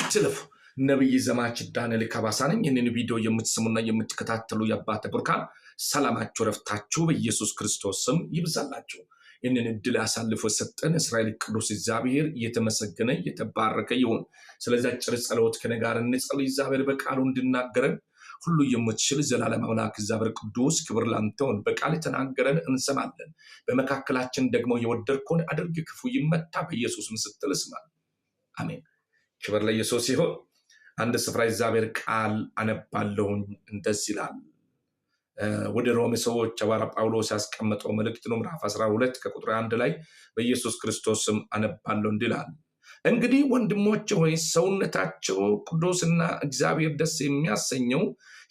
አትለፉ። ነብይ ዘማች ዳንኤል ካባሳ ነኝ። ይህንን ቪዲዮ የምትስሙና የምትከታተሉ የአባተ ቡርካን ሰላማችሁ፣ ረፍታችሁ በኢየሱስ ክርስቶስ ስም ይብዛላችሁ። ይህንን እድል አሳልፎ ሰጠን እስራኤል ቅዱስ እግዚአብሔር እየተመሰገነ እየተባረከ ይሁን። ስለዚ አጭር ጸሎት ከነጋር እንጸልይ። እግዚአብሔር በቃሉ እንድናገረን ሁሉ የምትችል ዘላለም አምላክ እግዚአብሔር ቅዱስ ክብር ላንተውን በቃል የተናገረን እንሰማለን። በመካከላችን ደግሞ የወደድከውን አድርግ፣ ክፉ ይመታ በኢየሱስ ስትል ስማል። አሜን። ክብር ለኢየሱስ ሲሆን አንድ ስፍራ እግዚአብሔር ቃል አነባለሁኝ እንደዚህ ይላል። ወደ ሮሜ ሰዎች ሐዋርያ ጳውሎስ ያስቀመጠው መልእክት ነው። ምራፍ 12 ከቁጥር አንድ ላይ በኢየሱስ ክርስቶስም አነባለሁ እንዲላል እንግዲህ ወንድሞች ሆይ ሰውነታቸው ቅዱስና እግዚአብሔር ደስ የሚያሰኘው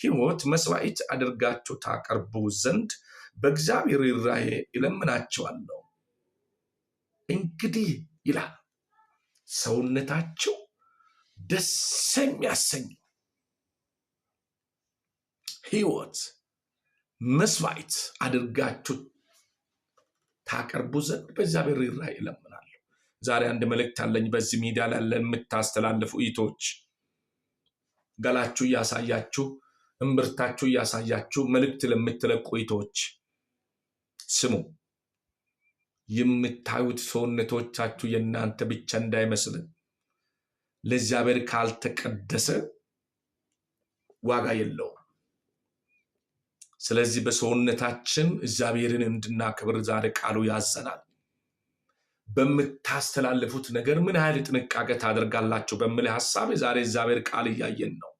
ህይወት መስዋዕት አድርጋችሁ ታቀርቡ ዘንድ በእግዚአብሔር ይራዬ እለምናቸዋለሁ። እንግዲህ ይላል ሰውነታቸው ደስ የሚያሰኝ ህይወት መስዋዕት አድርጋችሁ ታቀርቡ ዘንድ በእግዚአብሔር ራ ይለምናለሁ ዛሬ አንድ መልእክት አለኝ። በዚህ ሚዲያ ላለ የምታስተላልፉ ኢቶች ገላችሁ እያሳያችሁ እምብርታችሁ እያሳያችሁ መልእክት ለምትለቁ ኢቶች ስሙ። የምታዩት ሰውነቶቻችሁ የእናንተ ብቻ እንዳይመስልን ለእግዚአብሔር ካልተቀደሰ ዋጋ የለውም። ስለዚህ በሰውነታችን እግዚአብሔርን እንድናከብር ዛሬ ቃሉ ያዘናል። በምታስተላልፉት ነገር ምን ያህል ጥንቃቄ ታደርጋላችሁ በሚል ሀሳብ ዛሬ እግዚአብሔር ቃል እያየን ነው።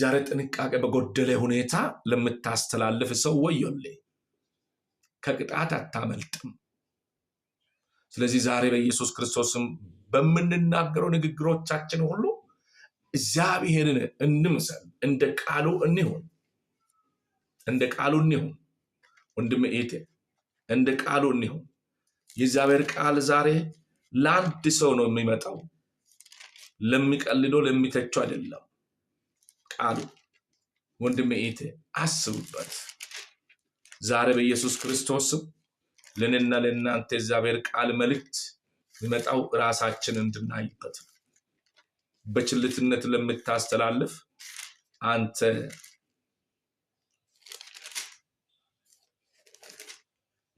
ዛሬ ጥንቃቄ በጎደለ ሁኔታ ለምታስተላልፍ ሰው ወዮሌ፣ ከቅጣት አታመልጥም። ስለዚህ ዛሬ በኢየሱስ ክርስቶስም በምንናገረው ንግግሮቻችን ሁሉ እግዚአብሔርን እንምሰል፣ እንደ ቃሉ እንሁን፣ እንደ ቃሉ እንሁን። ወንድም ኤቴ እንደ ቃሉ እንሁን። የእግዚአብሔር ቃል ዛሬ ለአንድ ሰው ነው የሚመጣው፣ ለሚቀልዶ ለሚተቹ አይደለም። ቃሉ ወንድም ኤቴ አስቡበት። ዛሬ በኢየሱስ ክርስቶስም ለእኔና ለእናንተ የእግዚአብሔር ቃል መልእክት የሚመጣው ራሳችን እንድናይበት ነው። በችልትነት ለምታስተላልፍ አንተ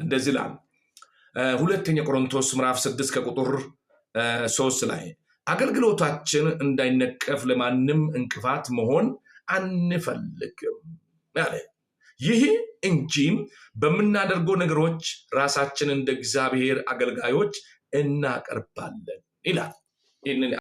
እንደዚህ ላል ሁለተኛ ቆሮንቶስ ምዕራፍ ስድስት ከቁጥር ሶስት ላይ አገልግሎታችን እንዳይነቀፍ ለማንም እንቅፋት መሆን አንፈልግም ያለ ይህ እንጂም በምናደርገው ነገሮች ራሳችን እንደ እግዚአብሔር አገልጋዮች እናቀርባለን ይላል። ይህንን